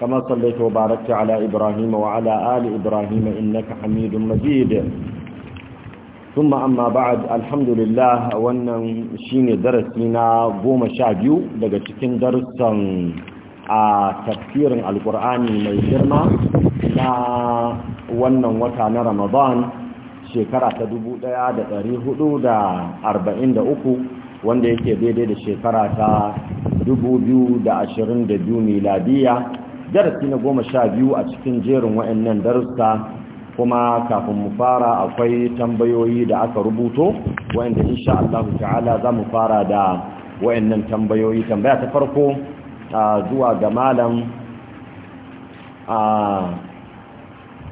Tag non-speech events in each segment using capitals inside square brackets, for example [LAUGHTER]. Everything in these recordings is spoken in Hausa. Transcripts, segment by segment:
كما صليت وباركت على إبراهيم وعلى آل إبراهيم إنك حميد مجيد ثم أما بعد الحمد لله وأن شيني درسنا قوم شابيو لقد تكن درسا a tafsirin alkur'ani mai girma na wannan wata na ramadan shekara ta 1443 wanda yake daidai da shekara ta 2022 miladiya darasi na goma sha biyu a cikin jerin wa'annan darussa kuma kafin mu fara akwai tambayoyi da aka rubuto wa'anda insha Allah ta'ala za mu fara da wa'annan tambayoyi tambaya ta farko zuwa ga malam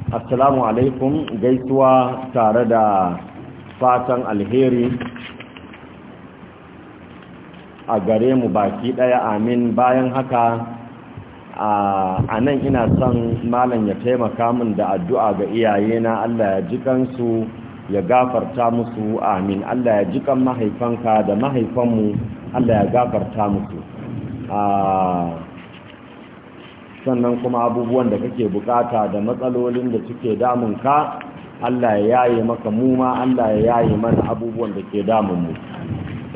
assalamu alaikum gaisuwa tare da fatan alheri a gare mu baki daya amin bayan haka a nan ina son malam ya taimaka min da addu'a ga iyayena Allah ya ji ya gafarta musu amin Allah ya ji kan mahaifanka da mahaifanmu Allah ya gafarta musu sannan kuma abubuwan da kake bukata da matsalolin da suke damun ka, Allah ya yaye maka mu ma Allah ya yaye mana abubuwan da ke damun mu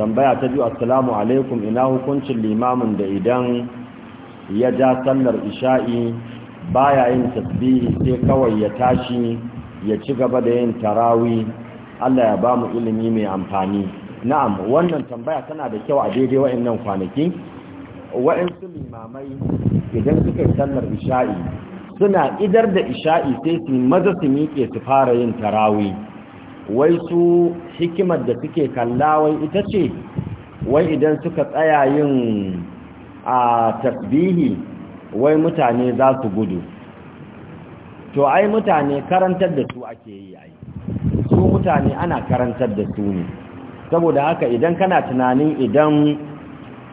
tambaya ta biyu assalamu alaikum ina hukuncin limamin da idan ya ja sallar isha'i baya yin tasbihi sai kawai ya tashi ya ci gaba da yin tarawi Allah ya bamu ilimi mai amfani na'am wannan tambaya tana da kyau a daidai wa'annan kwanaki wa'ansu limamai idan suka yi sallar isha'i suna idar da isha'i sai su maza su miƙe su fara yin tarawi wai su hikimar da suke kalla wai ita ce wai idan suka tsaya yin a tasbihi wai mutane za su gudu to ai mutane karantar da su ake yi ai su mutane ana karantar da su ne saboda haka idan kana tunanin idan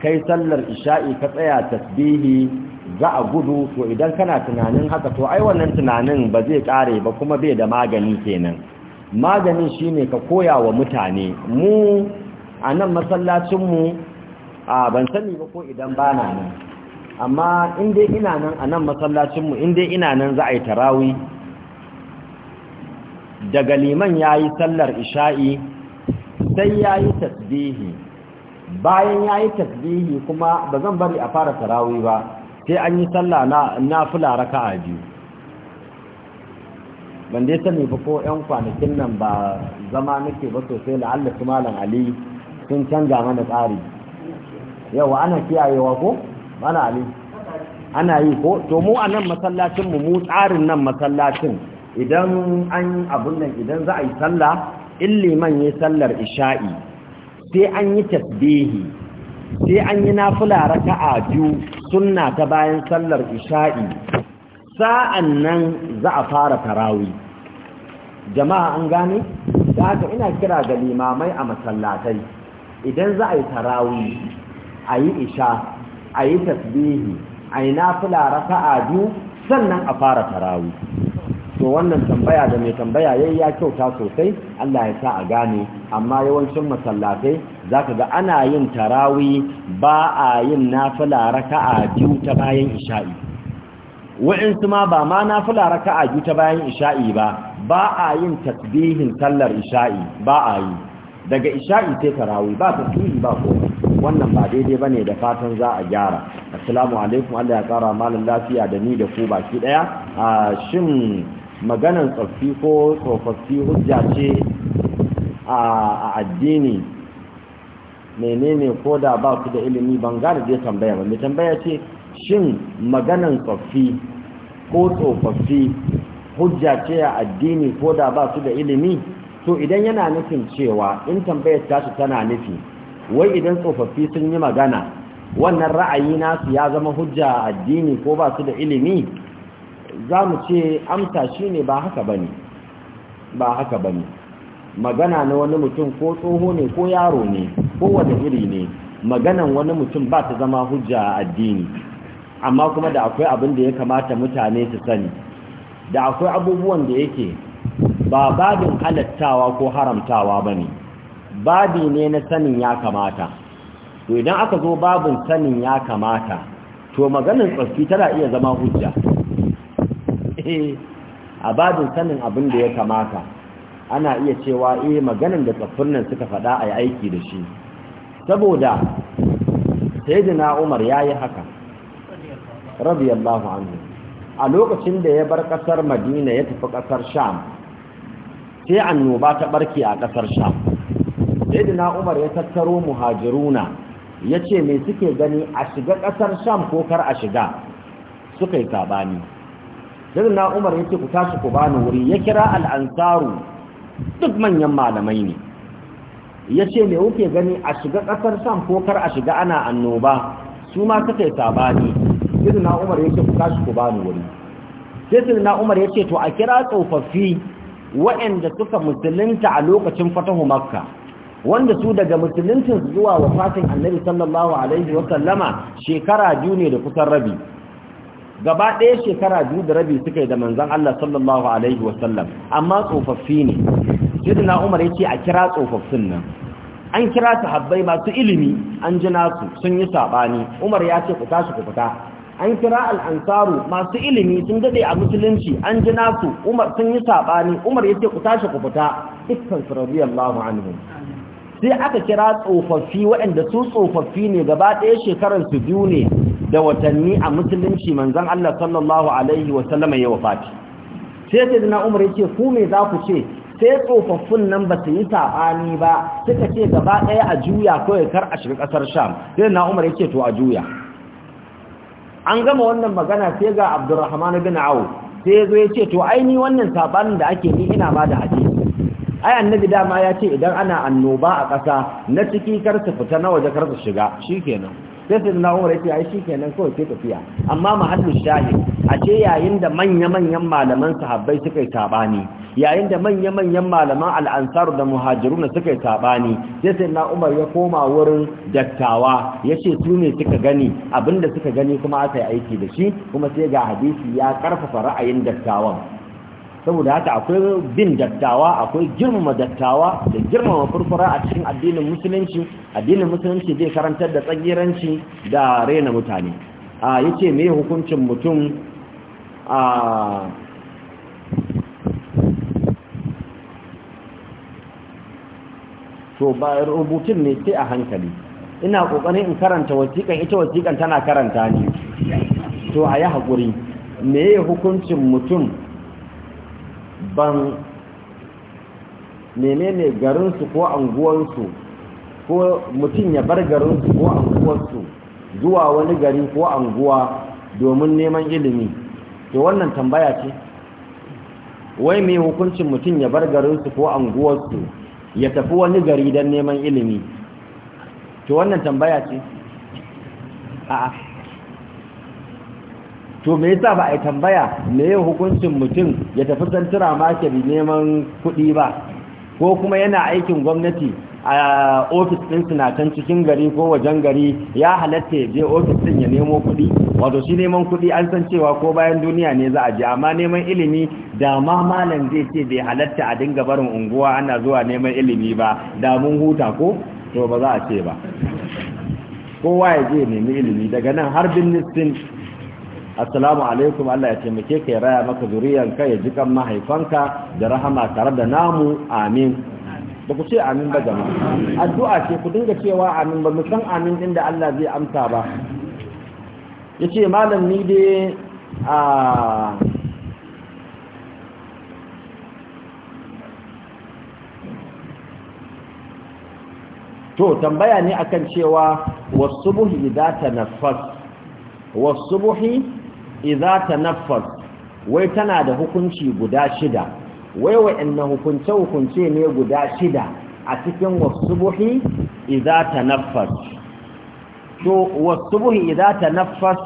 kai sallar isha'i ka tsaya tasbihi za a gudu to idan kana tunanin haka to ai wannan tunanin ba zai kare ba kuma bai da magani kenan maganin shine ka koya wa mutane mu a nan masallacinmu a ban sani ba ko idan ba na nan amma in dai ina nan a nan masallacinmu in dai ina nan za a yi tarawi daga liman ya yi sallar isha'i sai ya yi tasbihi bayan ya yi tasbihi kuma ba zan bari a fara tarawi ba sai an yi sallah na fula raka a biyu ban dai sani ba ko 'yan kwanakin nan ba zama nake ba sosai la'alla malam ali sun canza mana tsari yawa ana kiyayewa ko mana ali ana yi ko to mu a nan masallacin mu mu tsarin nan masallacin idan an abun nan idan za a yi sallah in man yi sallar isha'i sai an yi tasbihi sai an yi nafila raka'a biyu sunna ta bayan sallar isha'i sa'an nan za a fara tarawi jama'a an gane da haka ina kira ga limamai a masallatai idan za a yi tarawi a yi isha a yi tasbihi a yi nafila raka'a biyu sannan a fara tarawi to wannan tambaya da mai tambaya yayi ya kyauta sosai Allah ya sa a gane amma yawancin masallatai zaka ga ana yin tarawi ba a yin nafila raka'a biyu ta bayan isha'i wa'insu ma ba ma nafila raka'a biyu ta bayan isha'i ba ba a yin tasbihin sallar isha'i ba a yi daga isha'i sai tarawi ba tasbihi ba komai wannan ba daidai bane da fatan za a gyara assalamu alaikum Allah ya kara malin lafiya da ni da ku baki ɗaya. a shin maganan tsoffi ko tsofaffi hujja ce a addini menene ko da ba ku da ilimi ban gane da tambaya ba mai tambaya ce shin maganan tsoffi ko tsofaffi hujja ce a addini ko da ba su da ilimi to idan yana nufin cewa in tambayar tashi tana nufi wai idan tsofaffi sun yi magana wannan ra'ayi su ya zama hujja addini ko ba su da ilimi za mu ce amsa shi ne ba haka ba ne ba haka ba ne magana na wani mutum ko tsoho ne ko yaro ne ko wani iri ne maganan wani mutum ba ta zama hujja addini amma kuma da akwai abin da ya kamata mutane su sani da akwai abubuwan da yake ba babin halattawa ko haramtawa ba ne babi ne na sanin ya kamata to idan aka zo babin sanin ya kamata to maganin tsarki tana iya zama hujja eh, a babin sanin abin da ya kamata ana iya cewa eh maganin da tsaffin nan suka faɗa a aiki da shi saboda sayyidina Umar yayi haka radiyallahu anhu a lokacin da ya bar ƙasar Madina ya tafi ƙasar Sham sai annoba ta ɓarke a ƙasar Sham saidina umar ya tattaro muhajiruna ya ce me suke gani a shiga ƙasar sham ko kar a shiga suka yi sabani saidina umar ya ce ku tashi ku bani wuri ya kira al'ansaru duk manyan malamai ne ya ce me kuke gani a shiga ƙasar sham ko kar a shiga ana annoba su ma suka yi sabani saidina umar ya ce ku tashi ku bani wuri sai saidina umar ya ce to a kira tsofaffi waɗanda suka musulunta a lokacin fatahu makka wanda su daga musuluncin zuwa wafatin annabi sallallahu alaihi wasallama shekara biyu ne da kusan rabi gaba ɗaya shekara biyu da rabi suka yi da manzan Allah sallallahu alaihi wasallam amma tsofaffi ne sidina umar ya ce a kira tsofaffin nan an kira Habbai masu ilimi an ji nasu sun yi saɓani umar ya ce ku tashi ku fita an kira al'ansaru masu ilimi sun daɗe a musulunci an ji nasu umar sun yi saɓani umar ya ce ku tashi ku fita dukkan su radiyallahu anhu sai aka kira tsofaffi waɗanda su tsofaffi ne gaba ɗaya shekarar su biyu ne da watanni a musulunci manzan Allah sallallahu alaihi wa sallama ya wafati sai zina Umar yace ku me za ku ce sai tsofaffin nan ba su yi saɓani ba suka ce gaba ɗaya a juya kawai kar a shiga ƙasar sham sai zina umar yake to a juya an gama wannan magana sai ga abdurrahman bin awu sai ya zo ya ce to ni wannan saɓanin da ake ni ina ba da hadisi ai annabi dama ya ce idan ana annoba a ƙasa na ciki kar su fita na waje kar su shiga shikenan sai sai na umar yace ai shikenan kawai ke tafiya amma mahallu shahi a ce yayin da manya-manyan malaman sahabbai suka yi sabani yayin da manya-manyan malaman al'ansar da muhajirun suka yi sabani sai sai na umar ya koma wurin dattawa yace su ne suka gani abinda suka gani kuma aka yi aiki da shi kuma sai ga hadisi ya karfafa ra'ayin dattawan saboda haka akwai bin dattawa akwai girmama dattawa da girmama furfura a cikin addinin musulunci addinin musulunci zai karantar da tsagiranci da rena mutane a yace me hukuncin mutum a to ba rubutun ne sai a hankali ina kokarin in karanta wasiƙan ita wasiƙan tana karanta ni to a yi haƙuri me hukuncin mutum ban menene garinsu ko anguwansu ko mutum ya bar garinsu ko anguwarsu zuwa wani gari ko anguwa domin neman ilimi to wannan tambaya ce wai mai hukuncin mutum ya bar garinsu ko anguwarsu ya tafi wani gari don neman ilimi to wannan tambaya ce a'a to me yasa ba a yi tambaya me ya hukuncin mutum ya tafi santura market neman kuɗi ba ko kuma yana aikin gwamnati a ofis ɗin suna can cikin gari ko wajen gari ya halatta je ofis ɗin ya nemo kuɗi wato shi neman kuɗi an san cewa ko bayan duniya ne za a je amma neman ilimi da ma malam zai ce bai halatta a dinga barin unguwa ana zuwa neman ilimi ba da mun huta ko to ba za a ce ba kowa ya je nemi ilimi daga nan har birnin assalamu alaikum Allah ya taimake ka ya raya maka zuriyanka ya ji kan mahaifanka da rahama tare da namu amin da ku ce amin ba jama'a addu'a ce ku dinga cewa amin ba mu san amin din da Allah zai amsa ba yace malam ni dai a to tambaya ne akan cewa wasubuhi idza tanaffas wasubuhi idza tanaffas wai tana da hukunci guda shida wai wa'annan hukunce hukunce ne guda shida a cikin wasubuhi idza tanaffas to wasubuhi idza tanaffas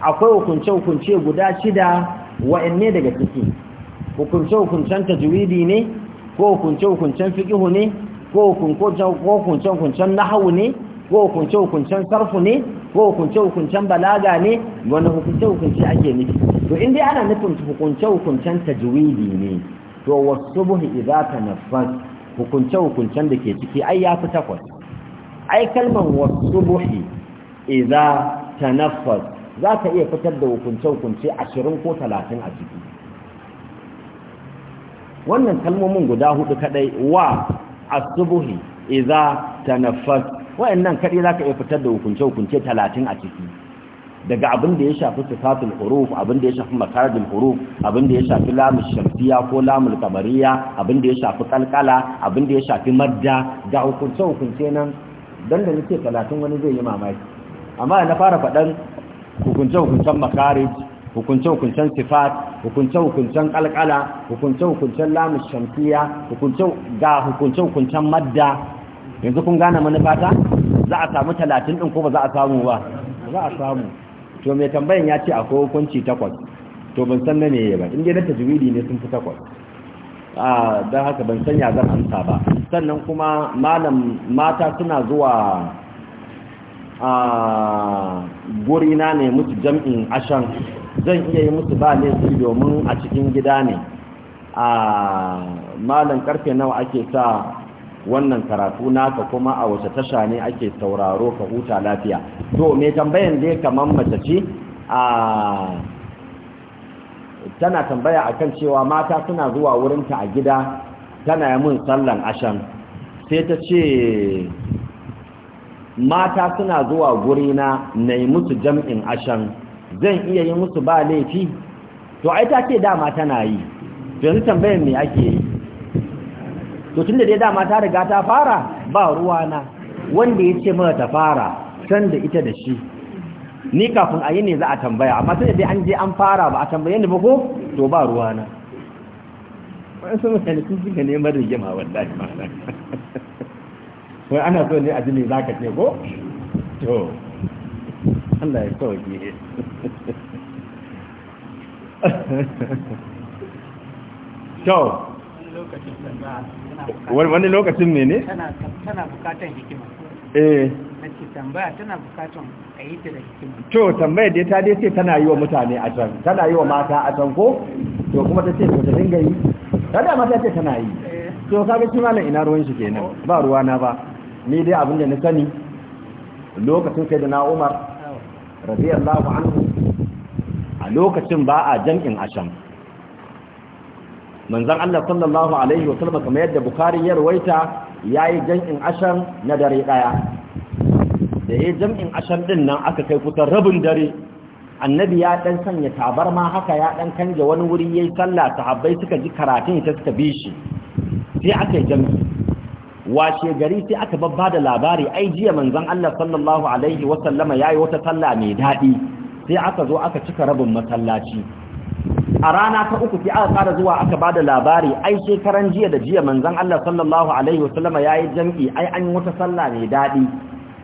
akwai hukunce hukunce guda shida wa'anne daga ciki hukunce hukuncen tajwidi ne ko hukunce hukuncen fiqhu ne ko hukunce hukuncen nahwu ne ko hukunce hukuncen sarfu ne ko hukunce hukuncen balaga ne wani hukunce hukunce ake nufi to in dai ana nufin hukunce hukuncen tajwidi ne to wasubuhi idza tanaffas hukunce hukuncen da ke ciki ai ya fi takwas ai kalman wasubuhi idza tanaffas za ka iya fitar da hukunce hukunce 20 ko 30 a ciki wannan kalmomin guda hudu kadai wa asubuhi idza tanaffas wayannan kaɗai za ka iya fitar da hukunce-hukunce talatin a ciki daga abin da ya shafi sifatul huruf abin da ya shafi makarajin huruf abin da ya shafi lamul shamsiya ko lamul kamariya abin da ya shafi kalkala abin da ya shafi madda ga hukunce-hukunce nan don da nake talatin wani zai yi mamaki amma na fara faɗan hukunce-hukuncen makarij hukunce-hukuncen sifat hukunce-hukuncen kalkala hukunce-hukuncen lamul hukunce ga hukunce-hukuncen madda yanzu kun gane fata za a samu talatin din ko ba za a samu ba za a samu to mai tambayan ya ce akwai hukunci takwas to ban san na ne ba inda na tajwidi ne sun fi takwas a don haka ban san ya zan amsa ba sannan kuma malam mata suna zuwa a guri na ne musu jam'in ashan zan iya yi musu ba su domin a cikin gida ne a malam karfe nawa ake sa wannan karatu naka kuma a wace tasha ne ake sauraro ka huta lafiya to me tambayan dai kaman mace ce a tana tambaya akan cewa mata suna zuwa wurinta a gida tana mun sallan ashan sai ta ce mata suna zuwa gurina na yi musu jam'in ashan zan iya yi musu ba laifi to ai ta ce dama tana yi yanzu tambayar me ake yi to tunda dai dama ta riga ta fara ba ruwa na wanda ya ce mata ta fara san da ita da shi ni kafin a yi ne za a tambaya amma sai dai an je an fara ba a tambaye ni ba ko to ba ruwa na wani sun mutane sun suka neman rigima wallahi ma wai ana so ne a ji ne za ce ko to Allah ya sauke [LAUGHS] to wani lokacin ne ne? tana bukatar hikima eh tambaya tana bukatar a yi ta da hikima to tambayar dai ta dai ce tana yi wa mutane a can tana yi wa mata a can ko to kuma ta ce ko ta dinga yi ta dama ta ce tana yi eh. to ka shi malam ina ruwan shi kenan ba ruwa na ba ni dai abin da na sani lokacin sai da na Umar radiyallahu anhu a lokacin ba a jam'in can manzon Allah sallallahu alaihi wasallam kamar yadda Bukhari ya rawaita yayi jam'in ashan na dare daya da yayi jam'in ashan din nan aka kai kusan rabin dare annabi ya dan sanya tabarma haka ya dan kanje wani wuri yayi sallah sahabbai suka ji karatun ta suka bi shi sai aka jam'i washe gari sai aka babba da labari ai jiya manzan Allah sallallahu alaihi wasallama yayi wata sallah mai dadi sai aka zo aka cika rabin masallaci a rana ta uku sai aka fara zuwa aka bada labari ai shekaran jiya da jiya manzon Allah sallallahu alaihi wasallama yayi jam'i ai an yi wata sallah mai dadi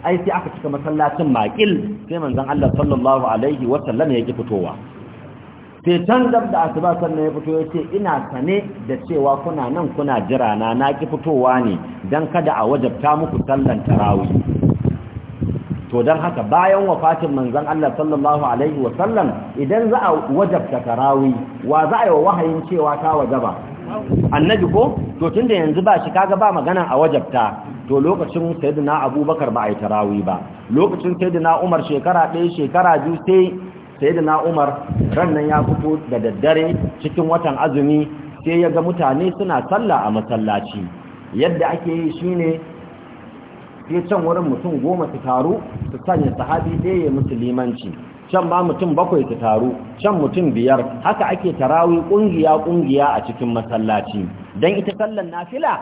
ai sai aka cika masallacin makil sai manzon Allah sallallahu alaihi wasallama yake fitowa sai can da asuba sannan ya fito ya ce ina sane da cewa kuna nan kuna jira na na fitowa ne dan kada a wajabta muku sallan tarawih to don haka bayan wafatin manzon Allah sallallahu alaihi wa sallam idan za a wajabta tarawi wa za a yi wa wahayin cewa ta wajaba annabi ko to tunda yanzu ba shi kaga ba magana a wajabta to lokacin sayyidina abubakar ba a yi tarawi ba lokacin sayyidina umar shekara ɗaya shekara biyu sai sayyidina umar rannan ya fito da daddare cikin watan azumi sai ya ga mutane suna sallah a masallaci yadda ake yi shine sai can wurin mutum goma su taru su sanya sahabi ɗaya ya musu limanci can ba mutum bakwai su taru can mutum biyar haka ake tarawi ƙungiya ƙungiya a cikin masallaci don ita sallan nafila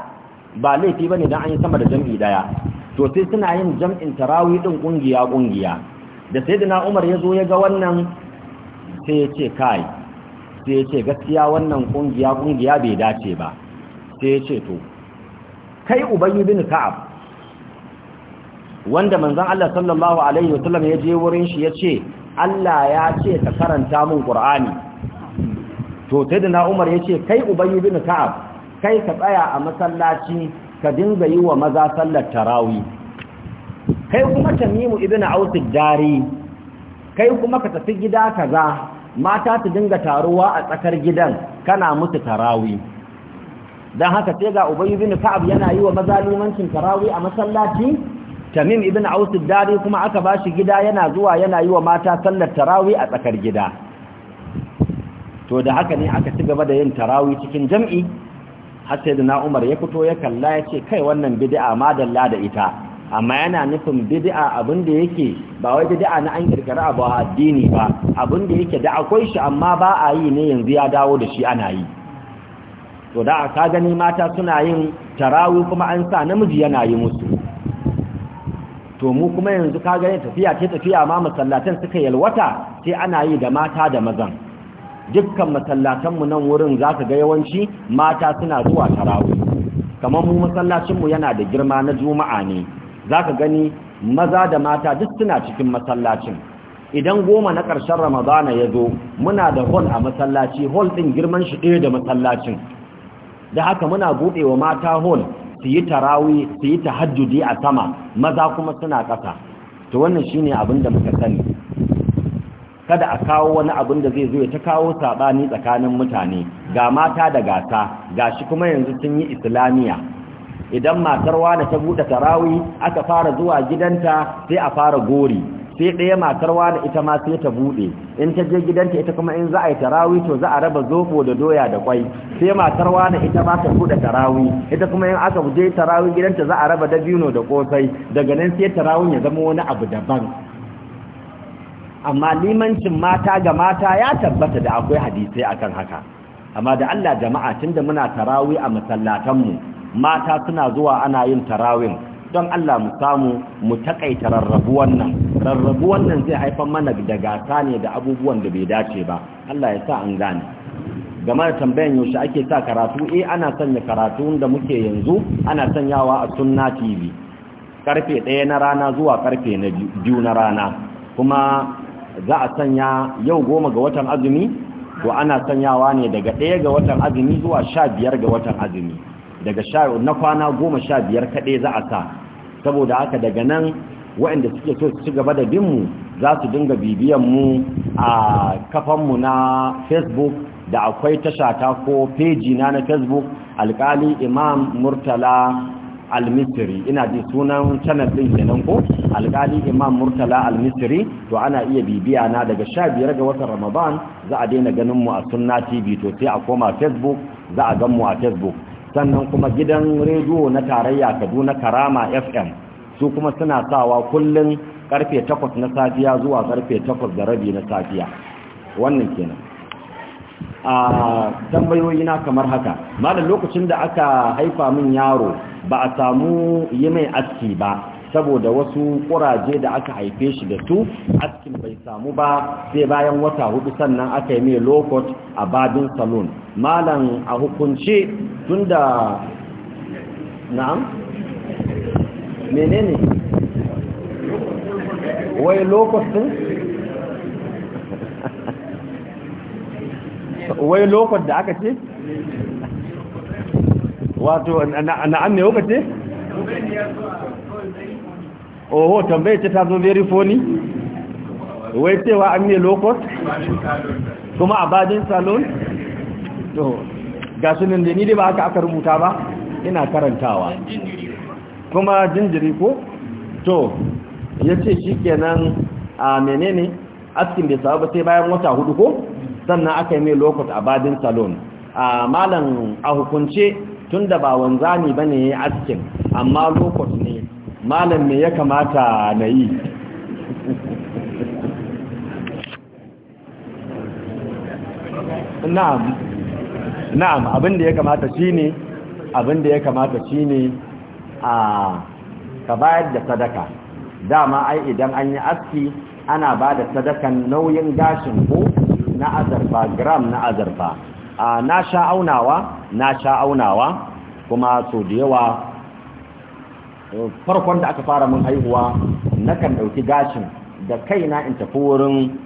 ba laifi ba ne don an yi sama da jam'i ɗaya, to sai suna yin jam'in tarawi ɗin ƙungiya ƙungiya da sayyidina Umar ya zo ya ga wannan sai ya ce kai sai ya ce gaskiya wannan ƙungiya ƙungiya bai dace ba sai ya ce to kai ubayyu bin ka'ab wanda manzon Allah sallallahu alaihi wasallam ya je wurin shi yace Allah ya ce ka karanta min Ƙur'ani. to sayyidina Umar yace kai Ubayu bin Ka'ab kai ka tsaya a masallaci ka dinga yi wa maza sallar tarawi kai kuma Tamimu ibn Aus dari kai kuma ka tafi gida kaza mata su dinga taruwa a tsakar gidan kana musu tarawi dan haka sai ga Ubayu bin Ka'ab yana yi wa maza limancin tarawi a masallaci tamim ibn aus dari kuma aka ba shi gida yana zuwa yana yi wa mata sallar tarawi a tsakar gida to da haka ne aka ci gaba da yin tarawi cikin jam'i har sai da umar ya fito ya kalla ya ce kai wannan bid'a dalla da ita amma yana nufin bid'a abin da yake ba wai bid'a na an kirkira abu a addini ba abin da yake da akwai shi amma ba a yi ne yanzu ya dawo da shi ana yi to da aka gani mata suna yin tarawi kuma an sa namiji yana yi musu to mu kuma yanzu ka gane tafiya ce tafiya ma masallatan suka yalwata sai ana yi da mata da mazan dukkan masallatanmu nan wurin za ka ga yawanci mata suna zuwa tarawo kamar mu masallacinmu yana da girma na juma'a ne za ka gani maza da mata duk suna cikin masallacin idan goma na ƙarshen ramadana ya zo muna da hol a masallaci hol ɗin girman shi ɗaya da masallacin da haka muna buɗe wa mata hol. su yi tarawi su yi tahajjudi a sama maza kuma suna ƙasa to wannan shine abin da muka sani kada a kawo wani abin da zai zo ya ta kawo sabani tsakanin mutane ga mata da gata gashi kuma yanzu sun yi islamiya idan matar wani ta buɗe tarawi aka fara zuwa gidanta sai a fara gori sai ɗaya matar wani ita ma sai ta buɗe in ta je gidanta ita kuma in za a yi tarawi to za a raba zobo da doya da kwai sai matar wani ita ma ta buɗe tarawi ita kuma in aka je tarawi gidanta za a raba dabino da kosai daga nan sai tarawin ya zama wani abu daban amma limancin mata ga mata ya tabbata da akwai hadisai akan haka amma da Allah jama'a tunda muna tarawi a masallatanmu mata suna zuwa ana yin tarawin don Allah mu samu mu takaita rarrabuwan nan rarrabuwan nan zai haifar mana da gasa ne da abubuwan da bai dace ba Allah ya sa an gane game da tambayan yaushe ake sa karatu eh ana sanya karatu da muke yanzu ana sanyawa a sunna tv karfe ɗaya na rana zuwa karfe 2 na rana kuma za a sanya yau goma ga watan azumi to ana sanyawa ne daga ɗaya ga watan azumi zuwa 15 ga watan azumi daga sha na kwana goma sha biyar kaɗai za a sa saboda haka daga nan waɗanda suke so su ci gaba da binmu za su dinga bibiyan mu a kafanmu na facebook da akwai tasha ta ko peji na na facebook alkali imam murtala almisiri ina ji sunan channel din kenan ko alkali imam murtala almisiri to ana iya bibiya na daga 15 ga watan ramadan za a daina ganin mu a sunna tv to sai a koma facebook za a ganmu a facebook sannan kuma gidan rediyo na tarayya kaduna karama fm su kuma suna sawa kullum karfe 8 na safiya zuwa karfe 8 da rabi na safiya wannan kenan a tambayoyi na kamar haka malam lokacin da aka haifa min yaro ba a samu yi mai aski ba saboda wasu kuraje da aka haife shi da su askin bai samu ba sai bayan wata hudu sannan aka yi mai lokot a babin salon malan a hukunce tun da na'am menene wai lokot din [LAUGHS] wai lokot da aka ce wato na'am ne kuka ce oho tambaye ce ta zo very funny wai cewa an yi lokot kuma a bajin salon to ga nan da ni dai ba aka aka rubuta ba ina karantawa kuma jinjiri ko to ya ce shi kenan a menene askin bai sabu sai bayan wata hudu ko sannan aka yi mai lokot a bajin salon a malam a hukunce tun da ba wanzani ba ne askin amma lokot ne malam me ya kamata na yi na'am na'am abinda ya kamata shine abinda ya kamata ne a ka bayar da sadaka dama ai idan an yi aski ana ba da sadakan nauyin gashin ko na azarfa gram na azarfa na sha aunawa na sha aunawa kuma so da yawa farkon da aka fara mun haihuwa na kan ɗauki gashin da kaina in tafi wurin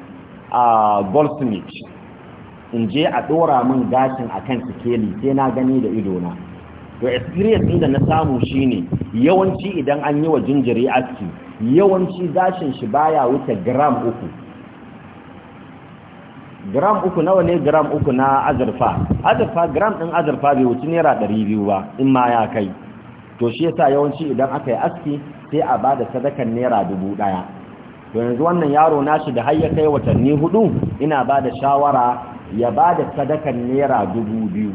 a goldsmith in je a ɗora mun gashin a kan sikeli sai na gani da idona to experience din da na samu shine yawanci idan an yi wa jinjiri aski yawanci gashin shi baya wuce gram uku gram uku nawa ne gram uku na azurfa azurfa gram ɗin azurfa bai wuce naira ɗari biyu ba in ma ya kai to shi yasa yawanci idan aka yi aski sai a ba da sadakan naira dubu ɗaya to yanzu wannan yaro nashi da har ya kai watanni hudu ina ba da shawara ya ba da sadakan naira dubu biyu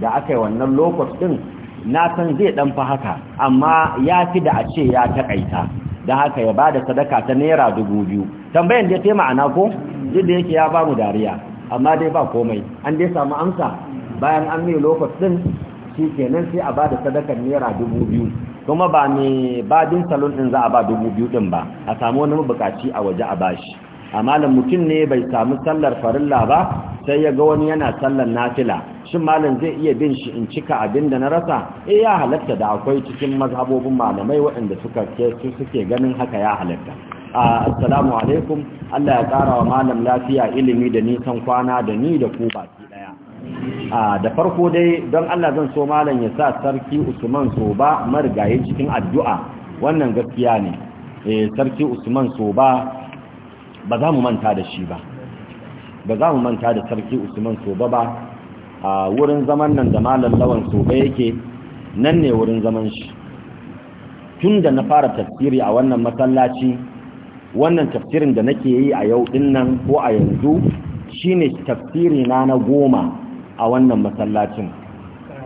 da aka yi wannan lokacin ɗin na san zai ɗan fi haka amma ya fi da a ce ya taƙaita da haka ya ba da sadaka ta naira dubu biyu tambayan da ya ce ma'ana ko duk da yake ya ba mu dariya amma dai ba komai an dai samu amsa bayan an mai lokacin shi kenan sai a ba da sadakar naira dubu biyu kuma ba mai badin salon ɗin za a ba dubu biyu ɗin ba a samu wani mabukaci a waje a bashi amma da mutum ne bai samu sallar farilla ba sai ya ga wani yana sallar nafila shin malam zai iya bin shi in cika abin da na rasa eh ya halatta da akwai cikin mazhabobin malamai waɗanda suka su suke ganin haka ya halatta assalamu alaikum Allah ya ƙara wa malam lafiya ilimi da nisan kwana da ni da ku baki da farko dai don Allah zan so malam ya sa sarki Usman Soba marigaye cikin addu'a wannan gaskiya ne eh sarki Usman Soba ba za mu manta da shi ba ba za mu manta da sarki Usman Soba ba a wurin zaman nan da malam Lawan Soba yake nan ne wurin zaman shi tun da na fara tafsiri a wannan masallaci wannan tafsirin da nake yi a yau dinnan nan ko a yanzu shine tafsiri na na goma a wannan masallacin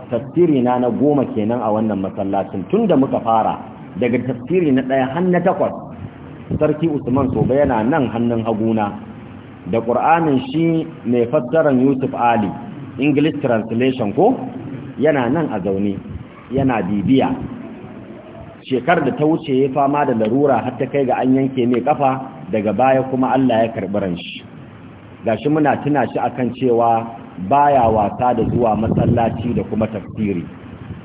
tafsiri na na goma kenan a wannan masallacin tun da muka fara daga tafsiri na ɗaya har na takwas sarki usman sobe yana nan hannun haguna da ƙur'anin shi mai fassarar yusuf ali english translation ko yana nan a zaune yana bibiya shekar da ta wuce ya fama da larura har ta kai ga an yanke mai kafa daga baya kuma allah ya karɓi ran shi gashi muna tuna shi akan cewa baya wasa da zuwa masallaci da kuma tafsiri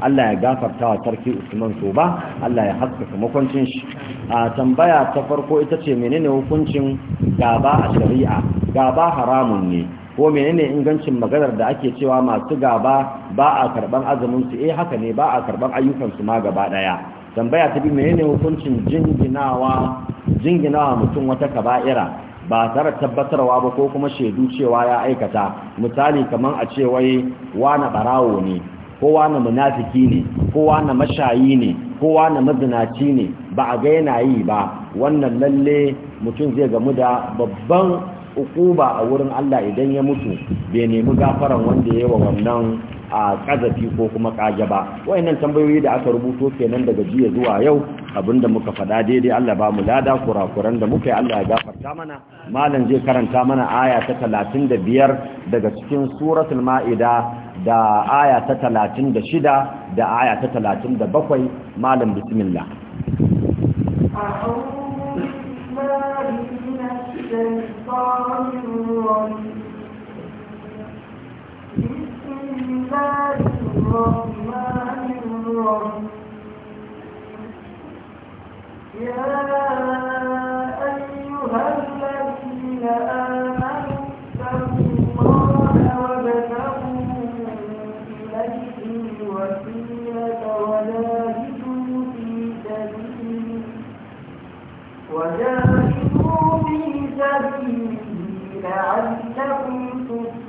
Allah ya gafarta wa sarki Usman so ba Allah ya haskaka makwancin shi a tambaya ta farko ita ce menene hukuncin gaba a shari'a gaba haramun ne ko menene ingancin maganar da ake cewa masu gaba ba a karban azumin su eh haka ne ba a karban ayyukan su ma gaba daya tambaya ta bi menene hukuncin jinginawa jinginawa mutum wata kaba'ira ba tare tabbatarwa ba ko kuma shaidu cewa ya aikata misali kaman a ce wai wani barawo ne ko wani munafiki ne ko wani mashayi ne ko wani mazinaci ne ba a ga yana yi ba wannan lalle mutum zai gamu da babban ukuba a wurin Allah idan ya mutu bai nemi gafaran wanda ya yi wa wannan a kazafi ko kuma kage ba wayannan tambayoyi da aka rubuto kenan daga jiya zuwa yau abinda muka faɗa daidai Allah ba mu lada kurakuran da muka yi Allah ya gafarta mana malam zai karanta mana aya ta 35 daga cikin suratul ma'ida da aya ta 36 da aya ta 37 malam bismillah أعوذ بالله من الشيطان الرجيم الله الرحمن يا أيها الذين آمنوا الله وابتغوا إليه الوسيلة وجاهدوا في سبيله وجاهدوا في سبيله لعلكم تفلحون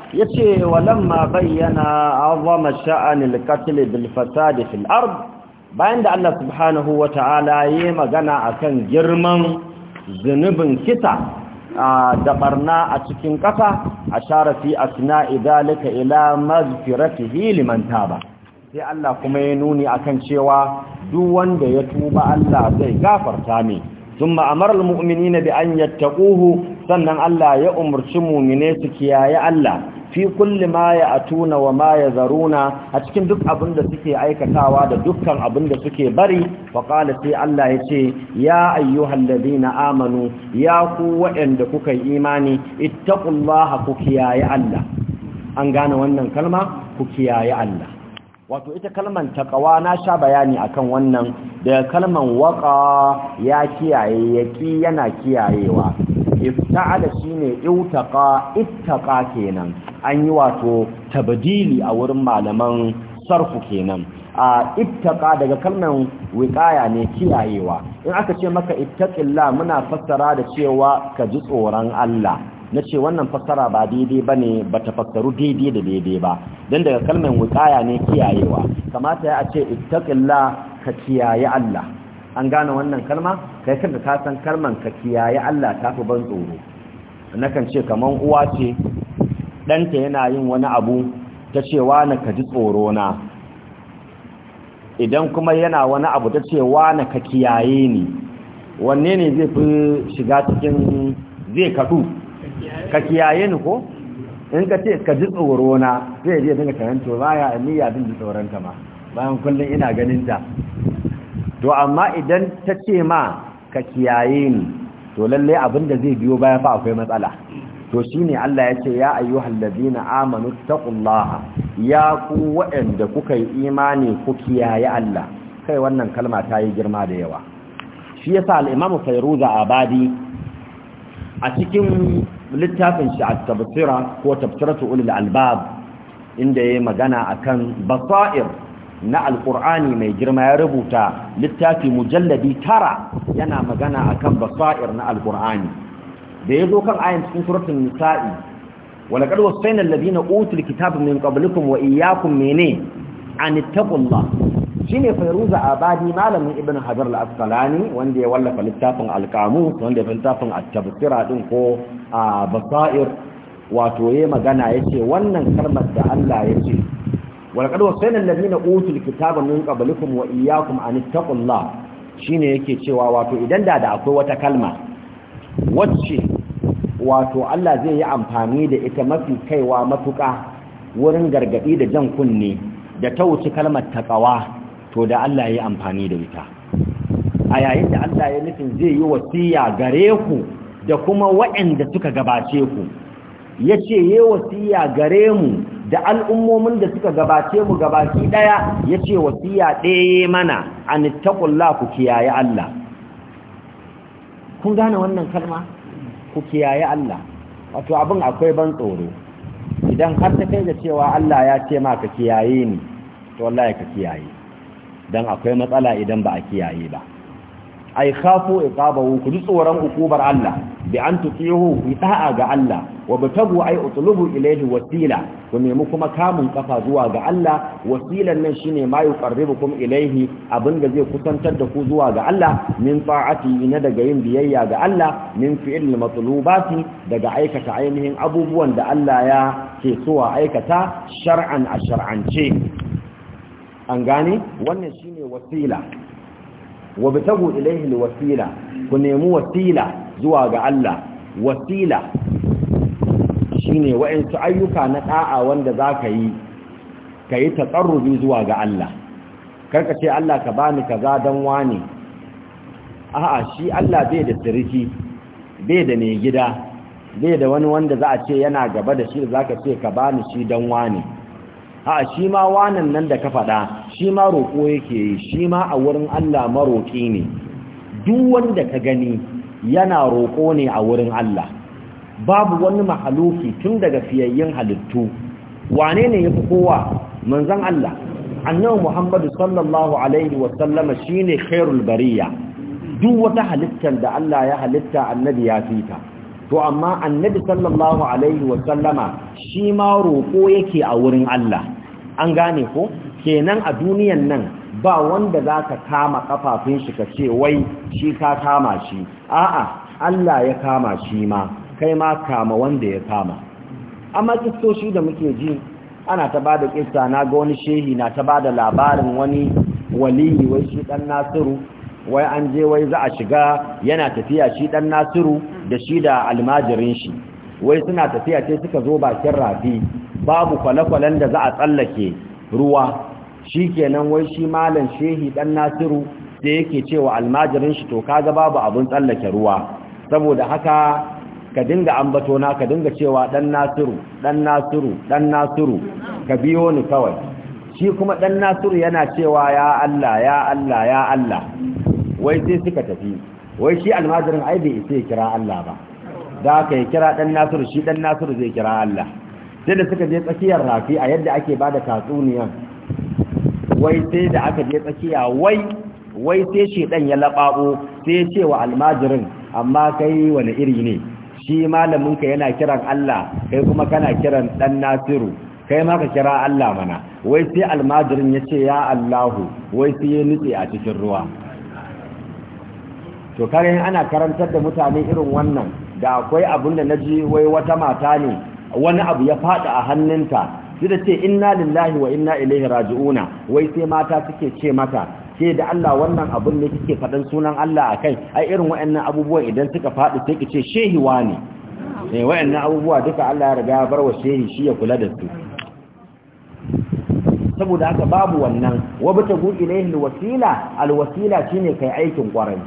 yace lamma bayyana azama sha'anil qatl bil fasad fil ard bayan da Allah subhanahu wata'ala yayi magana akan girman zunubin kisa da barna a cikin kasa ashara fi asna'i idalika ila mazfiratihi liman taba sai Allah kuma ya nuni akan cewa duk wanda ya tuba Allah zai gafarta ne thumma amara almu'minina bi an yattaquhu sannan Allah ya umurci mu'mine su kiyaye Allah fi kulli ma ya atuna wa ma ya zaruna a cikin duk abin da suke aikatawa da dukkan abin da suke bari wa kala sai Allah ya ce ya ayyuhal ladina amanu ya ku waɗanda kuka yi imani ittaqullaha ku kiyaye Allah an gane wannan kalma ku kiyaye Allah wato ita kalman taqwa na sha bayani akan wannan da kalman waqa ya kiyaye yaki yana kiyayewa ifta'ala shine iutaqa ittaqa kenan an yi wato tabdili a wurin malaman sarfu kenan a ittaqa daga kalman wiqaya ne kiyayewa in aka ce maka ittaqilla muna fassara da cewa ka ji tsoron Allah na ce wannan fassara ba daidai ba ne ba ta fassaru daidai da daidai ba don daga kalman wiqaya ne kiyayewa kamata ya ce ittaqilla ka kiyaye Allah an gane wannan kalma kai kanka ka san kalman ka kiyaye Allah ta fi ban tsoro nakan ce kaman uwa ce 'Danta yana yin wani abu ta ce na ka ji tsoro na idan kuma yana wani abu ta ce na ka kiyaye ni wanne ne zai fi shiga cikin zai kaɗu ka kiyaye ni ko in ka ce ka ji tsoro na zai je dinga karanta baya ni ya din ji tsoron ta ma bayan kullum ina ganin ta to amma idan ta ce ma ka kiyaye ni to lalle abin da zai biyo baya fa akwai matsala to shine Allah ya ce ya ayyuhal ladina amanu taqullaha ya ku waɗanda kuka yi imani ku kiyaye Allah kai wannan kalma ta yi girma da yawa shi yasa al-imamu Fayruza Abadi a cikin littafin shi at-tabsira ko tafsiratu ulul albab inda yayi magana akan basair na alkur'ani mai girma ya rubuta littafi mujalladi tara yana magana akan basair na alkur'ani da ya zo kan ayin cikin suratul nisa'i wala qad wasayna alladhina utul kitaba min qablikum wa iyyakum mene an ittaqullah shine fayruza abadi malamin ibn hajar al-asqalani wanda ya wallafa littafin alqamus wanda ya littafin at-tabsira din ko basair wato yayi magana yace wannan kalmar da Allah yace walaqad wasayna alladhina utul kitaba min qablikum wa iyyakum an Shi shine yake cewa wato idan da da akwai wata kalma wacce wato Allah zai yi amfani da ita mafi kaiwa matuƙa wurin gargadi da jan kunne da ta wuce kalmar ƙawa to da Allah ya yi amfani da ita a yayin da Allah ya nufin zai yi wasiya gare ku da kuma waɗanda suka gabace ku ya ce yi wasiya gare mu da al'ummomin da suka gabace mu gabaki daya yace wasiya ɗaya mana an taqullahu ku kiyaye Allah kun gane wannan kalma ku kiyaye Allah wato abin akwai ban tsoro idan har ta kai ga cewa Allah ya ce ma ka kiyaye ni to wallahi ka kiyaye dan akwai matsala idan ba a kiyaye ba ay khafu iqabahu ku tsoron hukubar Allah bi an tutihu bi ta'a ga Allah wa batagu ay utlubu ilayhi wasila ku nemi kuma kamun kafa zuwa ga Allah wasilan nan shine ma yuqarribukum ilayhi da zai kusantar da ku zuwa ga Allah min ta'ati na daga yin biyayya ga Allah min fi'il matlubati daga aikata ainihin abubuwan da Allah ya ke so a aikata shar'an a shar'ance an gane wannan shine wasila wa bitagu ilaihi wasila, ku nemi wasila zuwa ga Allah wasila shine wa'ansu ayyuka na da'a wanda zaka yi kai taqarrubi zuwa ga Allah karka ce Allah ka bani kaza dan wani a'a shi Allah bai da sirri bai da mai gida bai da wani wanda za a ce yana gaba da shi zaka ce ka bani shi dan wani a shi ma wanan nan da ka faɗa shi ma roƙo yake yi shi ma a wurin Allah maroƙi ne duk wanda ka gani yana roƙo ne a wurin Allah babu wani mahaluki tun daga fiyayyen halittu wane ne yafi kowa manzon Allah annabi Muhammad sallallahu alaihi wa sallam shine khairul bariya duk wata halittar da Allah ya halitta annabi ya fita to amma annabi sallallahu alaihi wa sallama shi ma roƙo yake a wurin Allah an gane ko kenan a duniyan nan ba wanda za ka kama kafafun shi ka ce wai shi ka kama shi a'a Allah ya kama shi ma kai ma kama wanda ya kama amma shi da muke ji ana ta bada kissa na ga wani shehi na ta bada labarin wani waliyi wai shi dan nasiru wai an je wai za a shiga yana tafiya shi dan nasiru da shi da almajirin shi wai suna tafiya sai suka zo bakin rafi babu kwale-kwalen da za a tsallake ruwa shi kenan wai shi malam shehi dan nasiru da yake cewa almajirin shi to kaga babu abun tsallake ruwa saboda haka ka dinga ambato na ka dinga cewa dan nasiru dan nasiru dan nasiru ka biyo ni kawai shi kuma dan nasiru yana cewa ya Allah ya Allah ya Allah wai sai suka tafi wai shi almajirin ai bai isa ya kira Allah ba da aka yi kira ɗan nasiru shi ɗan nasiru zai kira Allah sai da suka je tsakiyar rafi a yadda ake bada tatsuniyan wai sai da aka je tsakiya wai wai sai shedan ya laɓaɓo sai ya ce wa almajirin amma kai wani iri ne shi malaminka yana kiran Allah kai kuma kana kiran ɗan nasiru kai ma ka kira Allah mana wai sai almajirin ya ce ya Allahu wai sai ya nutse a cikin ruwa to kare ana karantar da mutane irin wannan da akwai abun da naji wai wata mata ne wani abu ya fada a hannunta sai da ce inna lillahi wa inna ilaihi raji'una wai sai mata suke ce mata ke da Allah wannan abun ne kike fadan sunan Allah akai ai irin wayannan abubuwan idan suka faɗi sai kice shehi wani ne eh, wayannan abubuwa duka Allah ya riga ya bar wa shehi shi ya kula da su saboda haka babu wannan wa bata Wasila, ilaihi alwasila alwasila shine kai aikin kwarai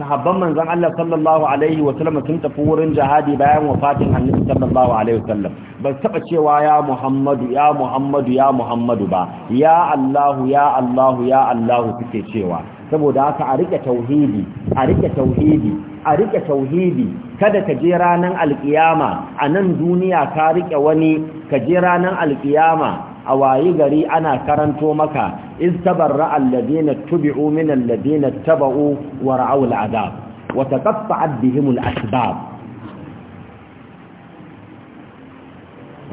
sahabban manzon Allah sallallahu alaihi wa sallam sun tafi wurin jihadi bayan wafatin Annabi sallallahu alaihi wa sallam ba taba cewa ya Muhammadu ya Muhammadu ya Muhammadu ba ya Allahu ya Allahu ya Allahu suke cewa saboda haka a rike tauhidi a rike tauhidi a rike tauhidi kada ka je ranan alkiyama a nan duniya ka rike wani ka je ranan alkiyama a wayi gari ana karanto maka iz tabarra alladina tubi'u min alladina taba'u wa ra'aw al'adab wa taqatta'at bihim al'asbab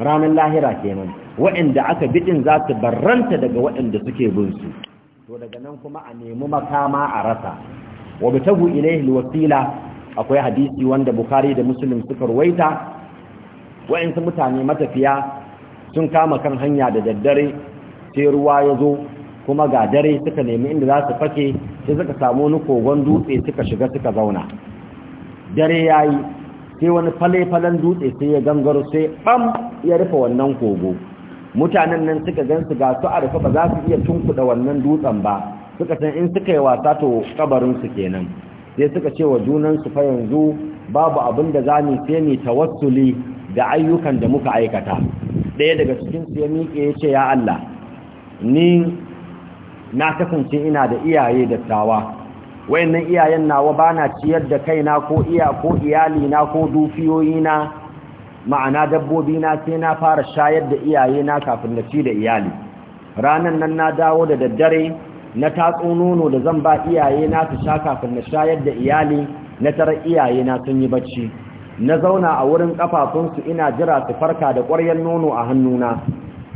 ranan lahira kenan wa'anda aka bidin za su barranta daga wa'anda suke bin su to daga nan kuma a nemi makama a rasa wa bitagu ilayhi alwasila akwai hadisi wanda bukhari da muslim suka ruwaita wa'ansu mutane matafiya sun kama kan hanya da daddare sai ruwa ya zo kuma ga dare suka nemi inda za su fake sai suka samu wani kogon dutse suka shiga suka zauna dare ya yi sai wani fale-falen dutse sai ya gangaro sai bam! ya rufe wannan kogo mutanen nan suka gan su ga su a rufe ba za su iya tunkuɗa wannan dutsen ba suka san in suka yi wasa to kabarinsu kenan sai suka ce wa junansu fa yanzu babu abin da za mu sai mu tawassuli da ayyukan da muka aikata ɗaya daga cikinsu ya miƙe ya ce ya Allah ni na kasance ina da iyaye dattawa wayannan iyayen nawa na ciyar da kaina ko iya ko iyali na ko dufiyoyi na ma'ana dabbobi na sai na fara shayar da iyaye na kafin na ci da iyali ranan nan na dawo da daddare na tatso nono da zan ba iyaye na su sha kafin na shayar da iyali na tarar iyaye na sun yi bacci na zauna a wurin kafafunsu ina jira su farka da ƙwaryen nono a hannuna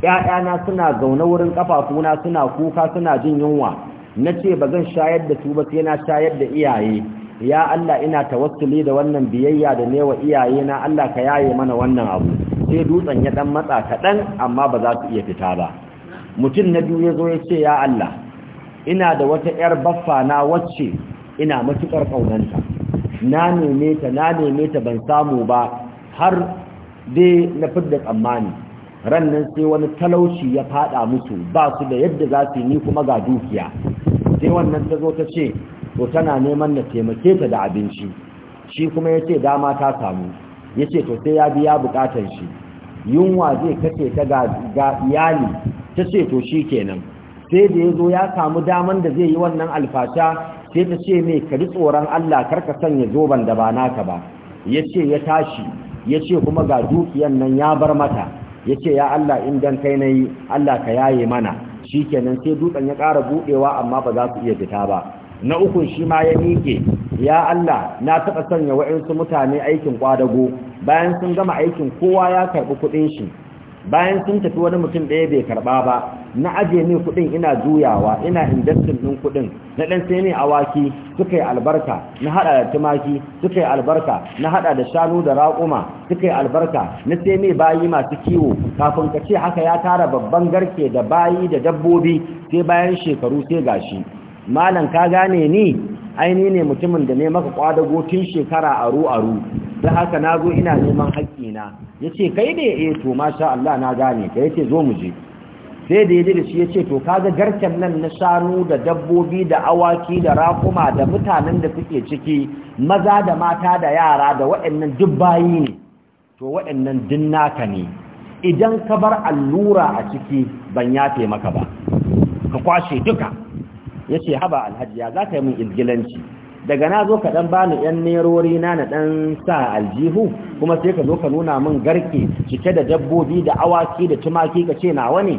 ƴaƴana suna zaune wurin kafafuna suna kuka suna jin yunwa nace ba zan shayar da su ba sai na shayar da iyaye ya Allah ina tawassuli da wannan biyayya da newa iyaye na Allah ka yaye mana wannan abu sai dutsen ya dan matsa kaɗan amma ba za su iya fita ba mutum na biyu ya zo ya ce ya Allah ina da wata 'yar baffa na wacce ina matuƙar ƙaunanta na neme ta na neme ta ban samu ba har dai na fidda tsammani rannan sai wani talauci ya fada musu ba su da yadda za su ni kuma ga dukiya sai wannan ta zo ta ce to tana neman na taimake ta da abinci shi kuma ya ce dama ta samu ya ce to sai ya biya bukatar shi yunwa zai kace ta ga iyali ta ce to shi kenan sai da ya zo ya samu daman da zai yi wannan alfata sai ta ce mai ka tsoron Allah karka sanya zoban da ba naka ba ya ce ya tashi ya ce kuma ga dukiyan nan ya bar mata ya ce ya Allah in dan kai na yi Allah ka yaye mana shi kenan sai dutsen ya ƙara buɗewa amma ba za su iya fita ba na uku shi ma ya miƙe ya Allah na taɓa sanya wa'insu mutane aikin ƙwadago bayan sun gama aikin kowa ya karɓi kuɗin shi bayan sun tafi wani mutum ɗaya bai karɓa ba na ajiye min kuɗin ina juyawa ina indastin ɗin kuɗin na ɗan sai ne awaki suka yi albarka na haɗa da tumaki suka yi albarka na haɗa da shanu da raƙuma suka yi albarka na sai ne bayi masu kiwo kafin ka ce haka ya tara babban garke da bayi da dabbobi sai bayan shekaru sai gashi malam ka gane ni aini ne mutumin da ne maka kwadago tun shekara aru aru da haka na zo ina neman haƙƙina ya ce kai ne ya eh, to masha Allah na gane ka ya ce zo mu je sai da ya da shi ya ce to kaga garken nan na shanu da dabbobi da awaki da raƙuma da mutanen da suke ciki maza da mata da yara da waɗannan duk bayi ne to waɗannan duk naka ne idan ka bar allura a ciki ban yafe maka ba ka kwashe duka ya ce haba alhajiya za ka yi min izgilanci daga na zo ka dan ni yan nerori na na ɗan sa aljihu kuma sai ka zo ka nuna min garke cike da dabbobi da awaki da tumaki ka ce nawa ne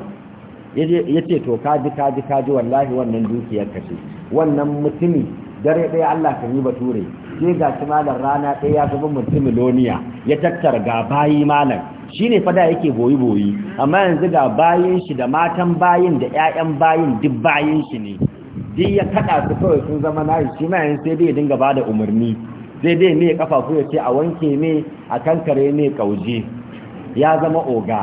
ce to kaji kaji kaji wallahi wannan dukiyar ka ce wannan mutumi dare ɗaya Allah kan yi bature sai ga shi malam rana ɗaya ya zama mutumin loniya. ya tattara ga bayi malam Shi ne fada yake boyi boyi amma yanzu ga bayin shi da matan bayin da 'ya'yan bayin duk bayin shi ne duk ya kada su kawai sun zama nayi shi ma yanzu sai dai ya dinga bada umarni sai dai me kafafu ya ce a wanke me a kankare me kauje ya zama oga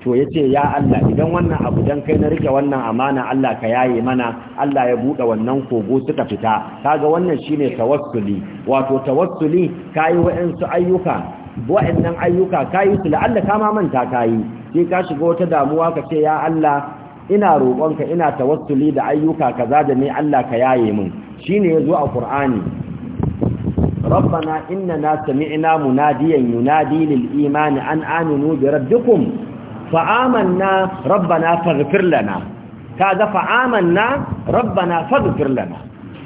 to ya ce ya Allah idan wannan abu dan kai na rike wannan amana Allah ka yaye mana Allah ya buɗe wannan kogo suka fita kaga wannan shine tawassuli wato tawassuli kayi wa'ansu ayyuka wa'annan ayyuka kayi su la'alla ka ma manta kayi sai ka shiga wata damuwa ka ce ya Allah ina roƙonka ina tawassuli da ayyuka kaza da ne Allah ka yaye min shine yazo a Qur'ani Rabbana inna sami'na munadiyan yunadi lil imani an aminu bi rabbikum fa amanna rabbana faghfir lana fa amanna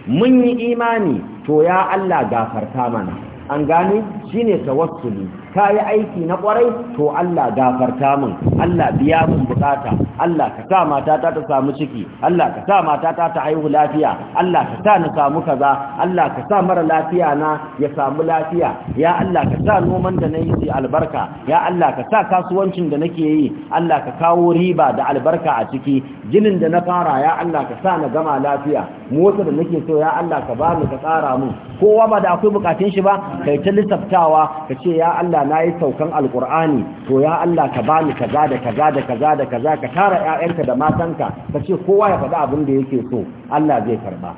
mun yi imani to ya Allah gafarta mana an gane shine tawassuli ka yi aiki na kwarai to Allah gafarta min Allah biya min bukata Allah ka sa mata ta ta samu ciki Allah ka sa mata ta ta haihu lafiya Allah ka sa na samu kaza Allah ka sa mara lafiya na ya samu lafiya ya Allah ka sa noman da nayi yi albarka ya Allah ka sa kasuwancin da nake yi Allah ka kawo riba da albarka a ciki ginin da na fara ya Allah ka sa na gama lafiya motar da nake so ya Allah ka bani ka tsara min kowa ba da akwai bukatun shi ba kai ta lissaftawa ka ce ya Allah na yi saukan alkur'ani to ya Allah ka bani kaza da kaza da kaza da kaza ka tara ƴaƴanka da matanka ka ce kowa ya faɗi abin da yake so Allah zai karba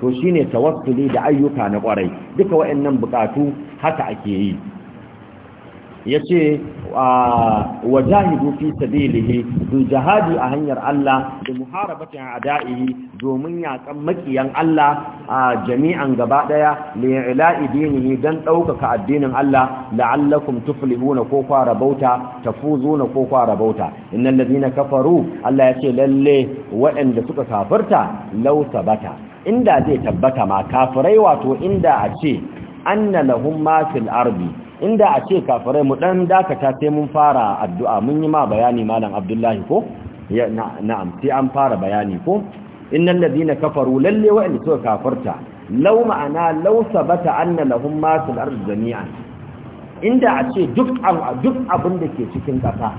to shine tawassuli da ayyuka na ƙwarai duka waɗannan buƙatu haka ake yi yace ah, wajahidu fi sabilihi du jihadi a hanyar Allah da muharabatin a'da'ihi domin yakan makiyan Allah a jami'an gaba daya li ila'i dinihi dan daukaka addinin Allah la'allakum tuflihuna ko fara bauta tafuzuna ko fara bauta innal ladina kafaru Allah yace lalle waɗanda suka kafirta law tabata inda zai tabbata ma kafirai wato inda a ce anna lahum ma fil ardi inda a ce kafirai mu dan dakata sai mun fara addu'a mun yi ma bayani malam abdullahi ko na'am sai an fara bayani ko innal ladina kafaru lalle wa'anda suka kafarta law ma'ana law sabata anna lahum ma fil ardi jami'an inda a ce duk duk abin da ke cikin kasa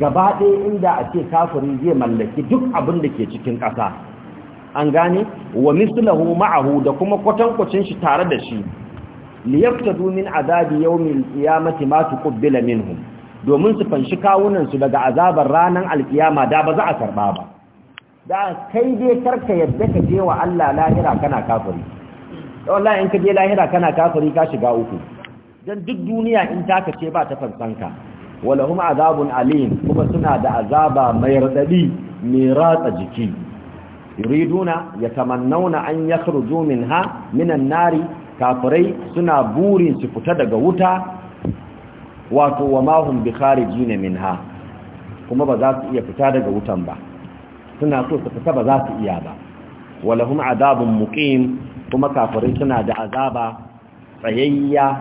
gaba ɗaya inda a ce kafiri zai mallaki duk abin da ke cikin kasa an gane wa mislahu ma'ahu da kuma kwatankwacin shi tare da shi liyaftadu min azabi yawmil qiyamati ma tuqbila minhum domin su fanshi kawunan su daga azabar ranar alkiyama da ba za a karba ba da kai dai karka yadda ka je wa Allah lahira kana kafiri wallahi in ka je lahira kana kafiri ka shiga uku dan duk duniya in taka ce ba ta fansanka walahum azabun alim kuma suna da azaba mai radadi mai ratsa jiki yuriduna yatamannawna an yakhruju minha minan nari kafirai suna burin su fita daga wuta wato wa mahum bi kharijin minha kuma ba za su iya fita daga wutan ba suna so su fita ba za su iya ba walahum adabun muqim kuma kafirai suna da azaba tsayayya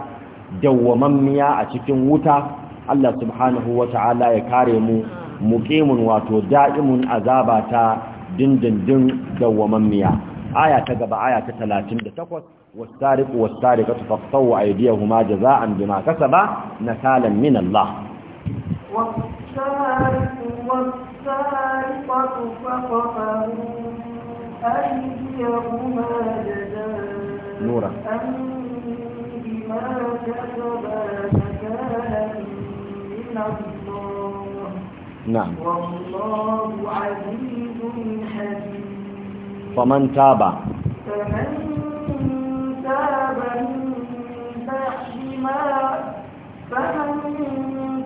dawwamammiya a cikin wuta Allah subhanahu wata'ala ya kare mu muqimun wato da'imun azabata ta dindindin dawwamammiya aya ta gaba aya ta 38 والسارق والسارقة فاقطعوا أيديهما جزاء بما كسبا نكالا من الله والسارق والسارقة فاقطعوا أيديهما جزاء نورا بما كسبا نكالا من الله نعم والله عزيز حكيم فمن تاب فمن الكتاب فمن تاب من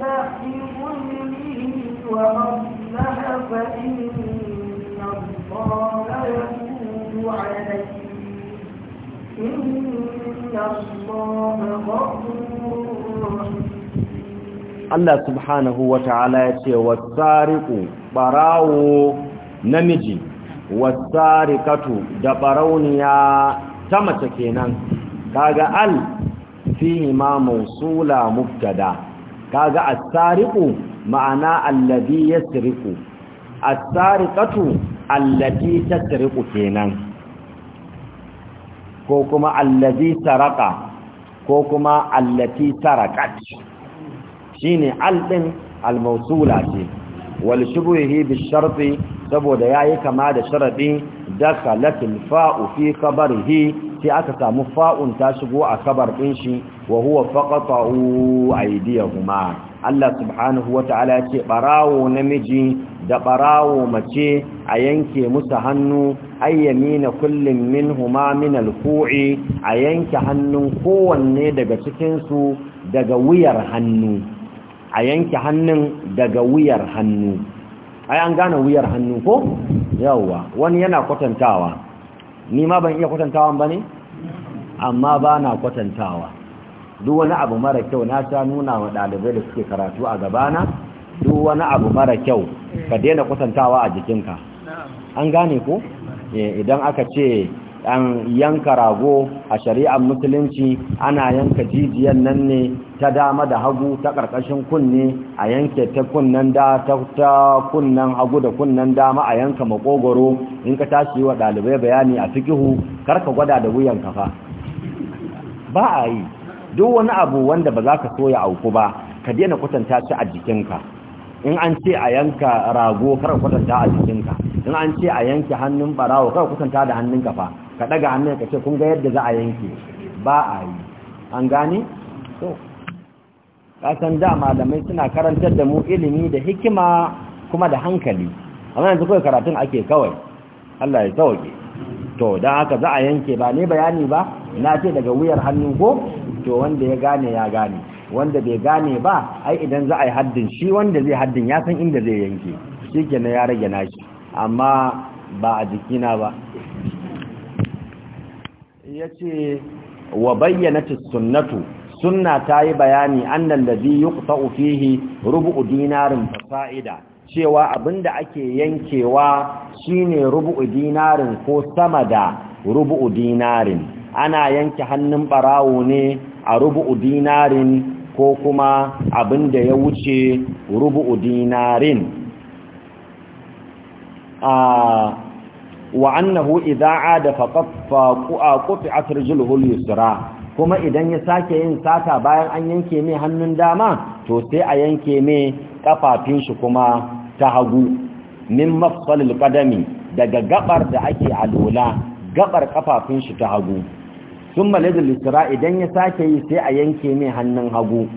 بعد ظلمه وأصلح فإن الله يتوب عليه إن الله غفور Allah subhanahu wa ta'ala ya ce wa tsariku ɓarawo namiji wasarikatu da barauniya ta mace kenan kaga al fihi ma mausula mubtada kaga as ma'ana alladhi yasriqu as ta allati tasriqu kenan ko kuma allazi saraka ko kuma allati sarakat shine al din al-mausula ce wal shubhihi bi sharti saboda yayi kama da sharadin dakalatil fa'u fi qabrihi sai aka samu fa'un ta shigo a kabar din shi wa huwa faqata'u aydiyahuma Allah subhanahu wata'ala ya ce barawo namiji da barawo mace a yanke musu hannu ayyamina kullin minhuma min alku'i a yanke hannun kowanne daga cikin su daga wuyar hannu a yanke hannun daga wuyar hannu ai an gane wuyar hannu ko yawwa wani yana kwatantawa ni ma ban iya kwatantawa bane amma ba na kwatantawa duk wani abu mara kyau na ta nuna wa ɗalibai da suke karatu a gabana duk wani abu mara kyau ka daina kwatantawa a jikinka an gane ko eh, idan aka ce an yanka rago a shari'ar musulunci ana yanka jijiyar nan ne ta dama da hagu ta ƙarƙashin kunne a yanke ta kunnen da ta kunnen hagu da kunnen dama a yanka makogoro in ka tashi wa ɗalibai bayani a fikihu karka gwada da wuyan kafa ba a yi duk wani abu wanda ba za ka so ya auku ba ka daina kwatanta shi a jikinka in an ce a yanka rago kar kwatanta a jikinka in an ce a yanke hannun barawo kar kwatanta da hannun kafa ka daga hannun ka ce kun ga yadda za a yanke ba a yi an gane to kasan da malamai suna karantar da mu ilimi da hikima kuma da hankali amma yanzu kawai karatun ake kawai Allah ya sauke to dan haka za a yanke ba ne bayani ba na ce daga wuyar hannu ko to wanda ya gane ya gane wanda bai gane ba ai idan za a yi haddin shi wanda zai haddin ya san inda zai yanke shi kenan ya rage nashi amma ba a jikina ba ya ce wa bayyana sunnatu sunna ta yi bayani annan da zai yi fihi rubu'u dinarin fasa'ida cewa abinda ake yankewa shine rubu'u dinarin ko sama da rubu'u dinarin ana yanke hannun barawo ne a rubu'u dinarin ko kuma abinda ya wuce rubu'u dinarin ah, wa annahu idza ada faqat faqa qati'at kuma idan ya sake yin sata bayan an yanke mai hannun dama to sai a yanke mai kafafin shi kuma ta hagu min mafsalil qadami daga gabar da ake alola gabar kafafin shi ta hagu summa Lidil lissira idan ya sake yi sai a yanke mai hannun hagu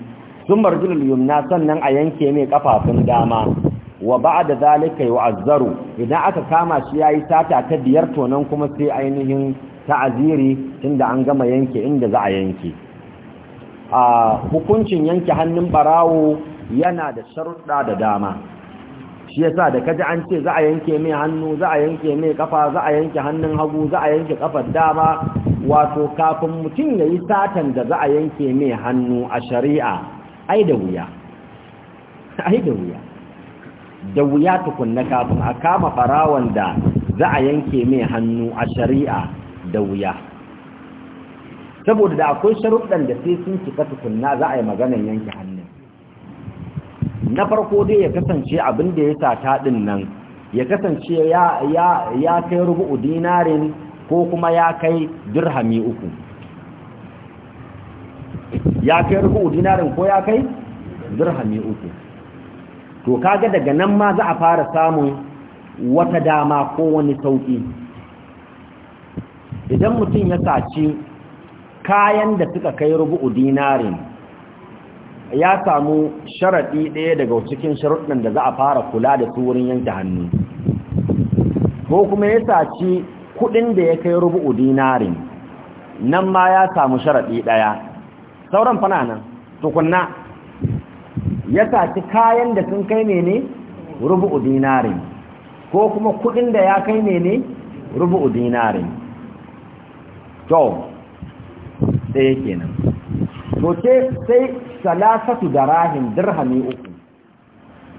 summa marjin yumna sannan a yanke mai ƙafafun dama wa ba'da zalika yu'azzaru idan aka kama shi yayi sata ta biyar to nan kuma sai ainihin ta'aziri tunda an gama yanke inda za a yanke a hukuncin yanke hannun barawo yana da sharuɗa da dama shi yasa da kaji an ce za a yanke mai hannu za a yanke mai kafa za a yanke hannun hagu za a yanke kafar dama wato kafin mutum ya yi satan da za a yanke mai hannu a shari'a ai da wuya ai da wuya da wuya tukunna kafin a kama farawon da za a yanke mai hannu a shari'a da wuya saboda da akwai sharuɗan da sai sun cika tukunna za a yi maganan yanke hannun na farko dai ya kasance abin da ya sata ɗin nan ya kasance ya kai rubu dinarin ko kuma ya kai dirhami uku ya kai rubu dinarin ko ya kai dirhami uku to kaga daga nan ma za a fara samun wata dama ko wani sauƙi. idan mutum ya saci kayan da suka kai rubu'u dinarin ya samu sharaɗi ɗaya daga cikin sharuɗin da za a fara kula da su wurin yanke hannu ko kuma ya saci kuɗin da ya kai rubu'u dinarin nan ma ya samu sharaɗi ɗaya sauran fana nan tukunna ya saci kayan da sun kai mene rubu'u udinare, ko kuma kudin da ya kai mene rubu'u udinare. to sai nan to sai salasatu darahim dirhami uku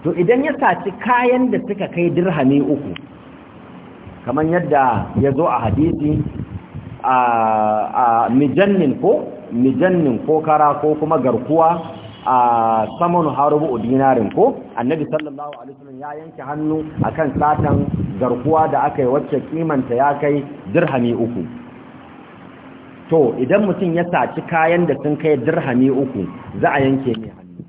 to idan ya saci kayan da suka kai dirhami uku kamar yadda ya zo a hadisi a mijannin ko mijannin ko kara ko kuma garkuwa a samanu harubu dinarin ko annabi sallallahu alaihi wasallam ya yanke hannu akan satan garkuwa da aka yi wacce kimanta ya kai dirhami uku to idan mutum ya saci kayan da sun kai dirhami uku za a yanke mai hannu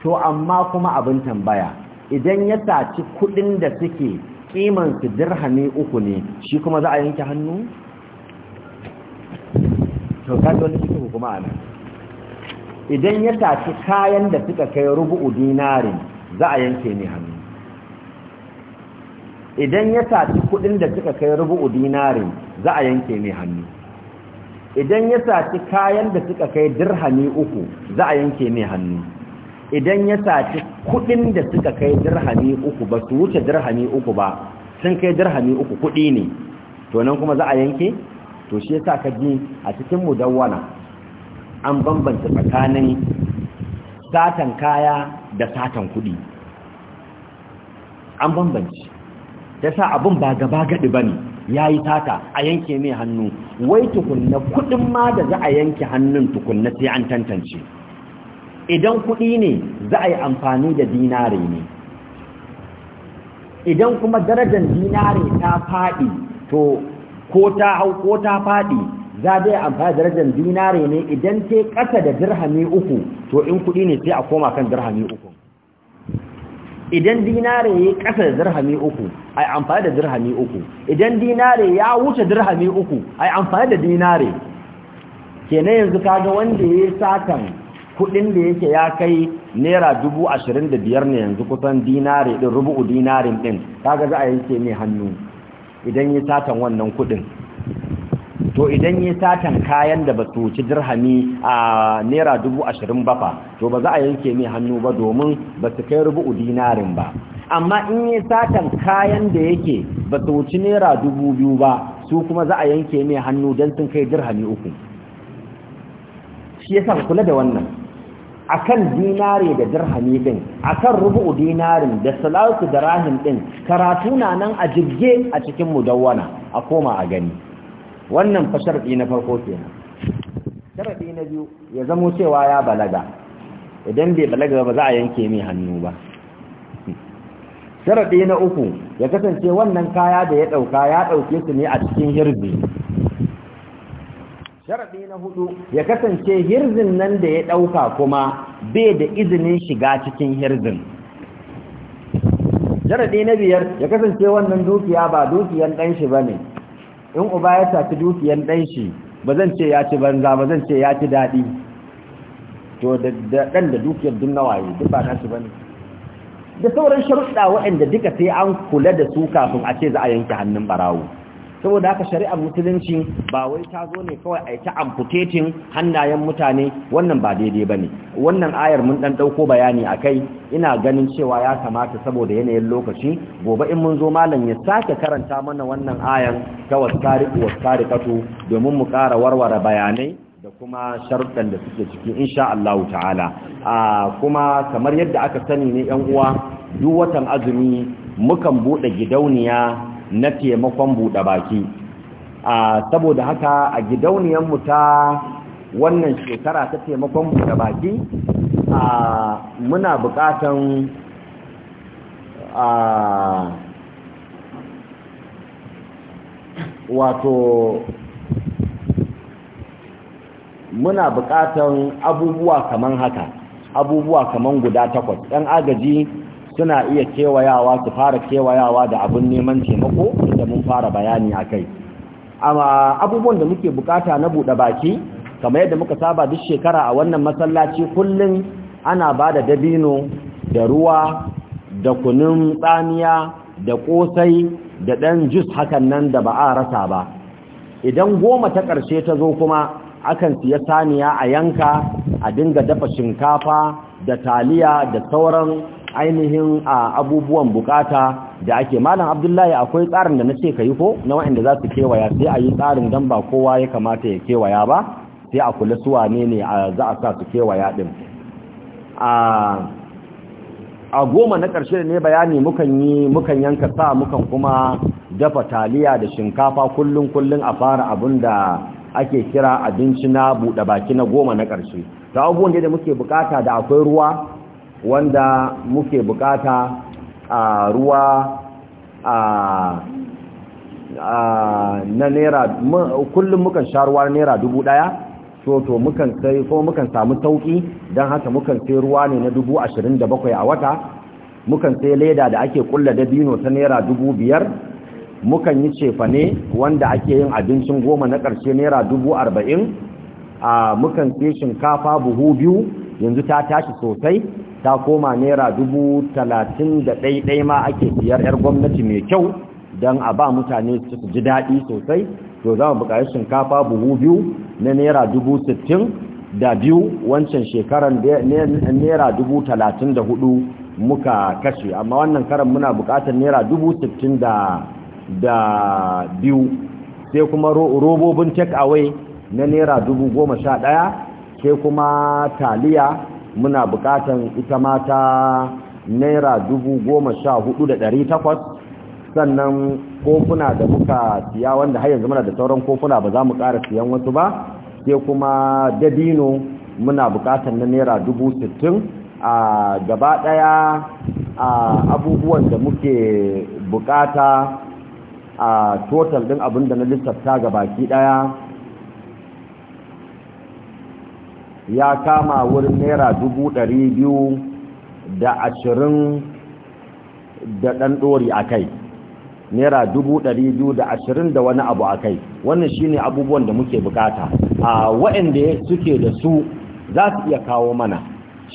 to amma kuma abin tambaya idan ya saci kudin da suke kimansu dirhami uku ne shi kuma za a yanke hannu to kaji wani cikin hukuma a nan idan ya tafi kayan da suka kai rubu'u dinarin za a yanke ne hannu idan ya tafi kudin da suka kai rubu'u dinarin za a yanke ne hannu idan ya tafi kayan da suka kai dirhami uku za a yanke ne hannu idan ya tafi kudin da suka kai dirhami uku ba su wuce dirhami uku ba sun kai dirhami uku kudi ne to nan kuma za a yanke to shi yasa ka ji a cikin mudawwana an bambanta tsakanin satan kaya da satan kuɗi an bambanci ta sa abin ba gaba gaɗi ba ne ya yi tata a yanke mai hannu wai tukunna kuɗin ma da za a yanke hannun tukunna sai an tantance idan kuɗi ne za a yi amfani da dinare ne idan kuma darajar dinare ta faɗi to ko ta hau ko ta faɗi za dai amfani da darajar dinare ne idan ce ƙasa da dirhami uku to in kuɗi ne sai a koma kan dirhami uku idan dinare ya ƙasa da dirhami uku ai amfani da dirhami uku idan dinare ya wuce dirhami uku ai amfani da dinare kenan yanzu kaga wanda ya satan kuɗin da yake ya kai naira dubu ashirin da biyar ne yanzu kusan dinare ɗin rubu'u dinarin ɗin kaga za a yi yanke mai hannu idan ya satan wannan kuɗin to idan ya satan kayan da ba su ci dirhami a naira dubu ashirin ba fa to ba za a yanke mai hannu ba domin ba su kai rubu'u dinarin ba amma in ya satan kayan da yake ba su wuci naira dubu biyu ba su kuma za a yanke mai hannu don sun kai dirhami uku shi yasa kula da wannan a kan dinari da dirhami din a akan rubu'u dinarin da salatu da rahim din karatu na nan a jirge a cikin mudawwana a koma a gani wannan fa sharadi na farko kenan sharadi na biyu ya zamo cewa ya balaga idan bai balaga ba za a yanke mai hannu ba Sharaɗi na uku ya kasance wannan kaya da ya ɗauka ya ɗauke su ne a cikin hirzi Sharaɗi na hudu ya kasance hirzin nan da ya ɗauka kuma bai da izinin shiga cikin hirzin sharadi na biyar ya kasance wannan dukiya ba dukiyan ɗanshi shi bane in uba ya tafi dukiyan ɗan shi ba zan ce ya ci banza ba zan ce ya ci daɗi to da ɗan da dukiyar duk nawaye duk ba na shi bane da sauran sharuɗa waɗanda duka sai an kula da su kafin a ce za a yanke hannun ɓarawo. saboda haka shari'ar musulunci ba wai ta zo ne kawai a yi ta amputating hannayen mutane wannan ba daidai ba ne wannan ayar mun ɗan ɗauko bayani a kai ina ganin cewa ya kamata saboda yanayin lokaci gobe in mun zo malam ya sake karanta mana wannan ayar ta tari-kato, domin mu ƙara warware bayanai da kuma sharuɗan da suke ciki insha Allah ta'ala kuma kamar yadda aka sani ne 'yan uwa duk watan azumi mukan buɗe gidauniya na taimakon buɗe baki a saboda haka a gidauniyanmu ta wannan shekara ta taimakon buɗe baki a muna buƙatan a wato muna buƙatan abubuwa kaman haka abubuwa kaman guda takwas ɗan agaji suna iya kewayawa su fara kewayawa da abin neman taimako da mun fara bayani a kai amma abubuwan da muke bukata na buɗe baki kamar yadda muka saba duk shekara a wannan masallaci kullum ana ba da dabino da ruwa da kunun tsamiya da ƙosai da ɗan jus hakan nan da ba a rasa ba idan goma ta ƙarshe ta zo kuma akan siya saniya a yanka a dinga dafa shinkafa da taliya da sauran ainihin abubuwan bukata da ake malam abdullahi akwai tsarin da na ce ka yi ko na waɗanda za su kewaya sai a yi tsarin don ba kowa ya kamata ya kewaya ba sai a kula suwa ne ne za a sa su kewaya ɗin a goma na ƙarshe ne bayani mukan yi mukan yanka sa mukan kuma dafa taliya da shinkafa kullum kullum a fara abin da ake kira abinci na buɗe baki na goma na ƙarshe ta abubuwan da muke bukata da akwai ruwa wanda muke bukata a ruwa a na naira kullum mukan sha ruwa naira dubu daya so to mukan sai ko mukan samu sauki don haka mukan sai ruwa ne na dubu ashirin da bakwai a wata mukan sai leda da ake kulla dabino ta naira dubu biyar mukan yi cefane wanda ake yin abincin goma na ƙarshe naira dubu arba'in a mukan sai shinkafa buhu biyu yanzu ta tashi sosai ta koma naira dubu talatin da ɗaiɗai ma ake siyar 'yar gwamnati mai kyau don a ba mutane su ji daɗi sosai to za mu buƙaci shinkafa buhu biyu na naira dubu sittin da biyu wancan shekarar naira dubu talatin da hudu muka kashe amma wannan karan muna buƙatar naira dubu sittin da biyu sai kuma robobin take away na naira dubu goma sha ɗaya sai kuma taliya muna bukatan ita mata naira dubu goma sha hudu da ɗari takwas sannan kofuna da muka siya wanda har yanzu muna da sauran kofuna ba za mu kara siyan wasu ba sai kuma dabino muna bukatan na naira dubu sittin a gaba ɗaya a abubuwan da muke bukata a total ɗin abin da na lissafta ga baki ɗaya ya kama wurin naira dubu ɗari biyu da ashirin da ɗan ɗori a kai naira dubu ɗari biyu da ashirin da wani abu a kai wannan shine abubuwan da muke bukata a waɗanda suke da su za su iya kawo mana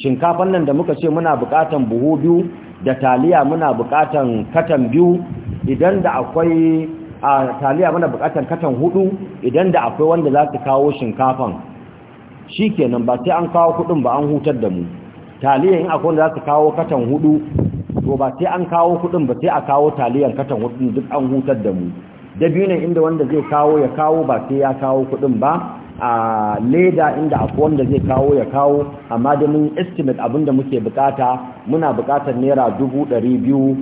shinkafan nan da muka ce muna bukatan buhu biyu da taliya muna bukatan katan biyu idan da akwai a taliya muna bukatan katan hudu idan da akwai wanda za su kawo shinkafan shi kenan ba sai an kawo kudin ba an hutar da mu taliyan in akwai wanda za su kawo katan hudu to ba sai an kawo kudin ba sai a kawo taliyan katan hudu duk an hutar da mu da biyu ne inda wanda zai kawo ya kawo ba sai ya kawo kudin ba a leda inda akwai wanda zai kawo ya kawo amma da mun estimate abinda muke bukata muna bukatar naira dubu ɗari biyu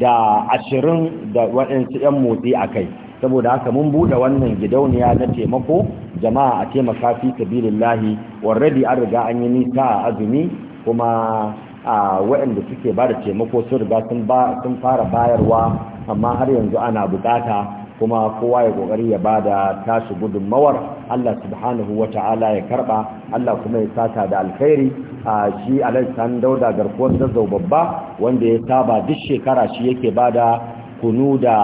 da ashirin da waɗansu 'yan motsi a kai saboda haka mun bude wannan gidauniya na taimako jama'a a taimaka fi sabilillahi warradi an riga an yi nisa a azumi kuma a waɗanda suke ba da taimako sun riga sun fara bayarwa amma har yanzu ana bukata kuma kowa ya kokari ya ba da tashi gudunmawar Allah subhanahu wa ta'ala ya karba Allah kuma ya sata da alkhairi a shi Alhassan Dauda garkuwar zazzau babba wanda ya saba duk shekara shi yake bada kunu da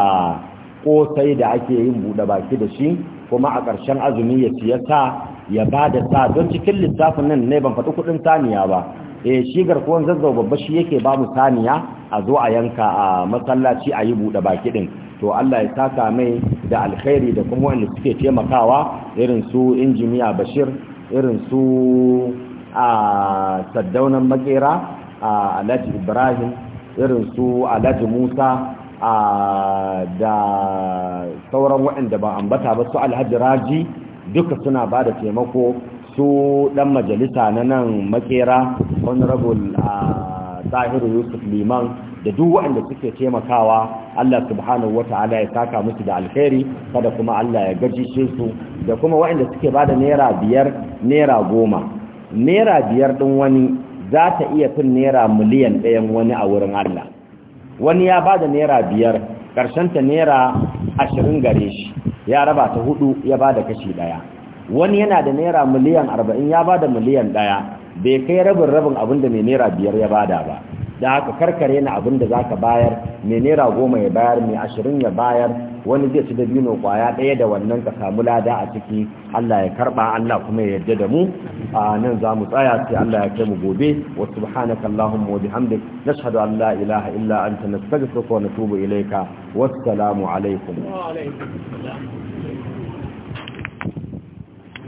kosai da ake yin buɗe baki da shi kuma a ƙarshen azumi ya ciye sa ya ba da sa don cikin lissafin nan ne ban faɗi kuɗin saniya ba E, shi garkuwan zazzau babba shi yake ba mu saniya a zo a yanka a masallaci a yi buɗe baki ɗin to Allah ya saka mai da alkhairi da kuma wanda suke taimakawa irin su injiniya bashir irin su a saddaunan makera a alhaji ibrahim irin su alhaji musa da sauran waɗanda ba ambata ba su Alhaji Raji, duka suna ba da taimako su ɗan majalisa na nan makera honorable zahiru yusuf liman da duk waɗanda suke taimakawa Allah subhanahu wa ta'ala ya saka musu da alkhairi kada kuma Allah ya gajishe su da kuma waɗanda suke ba da naira biyar naira goma naira biyar ɗin wani za ta iya fin naira miliyan ɗayan wani a wurin Allah wani ya ba da naira biyar ta naira ashirin gare shi ya raba ta hudu ya ba da kashi ɗaya, wani yana da naira miliyan arba'in ya ba da miliyan ɗaya, bai kai rabin rabin abin da mai naira biyar ya ba da ba da ka karkare na abin da zaka bayar mai naira goma ya bayar mai ashirin ya bayar wani zai ci da bino kwaya ɗaya da wannan ka samu lada a ciki Allah ya karɓa Allah kuma ya yarda da mu a nan za mu tsaya sai Allah ya kai mu gobe wa subhanaka allahumma wa bihamdik nashhadu an la ilaha illa anta nastaghfiruka wa natubu ilayka wassalamu alaikum wa alaikum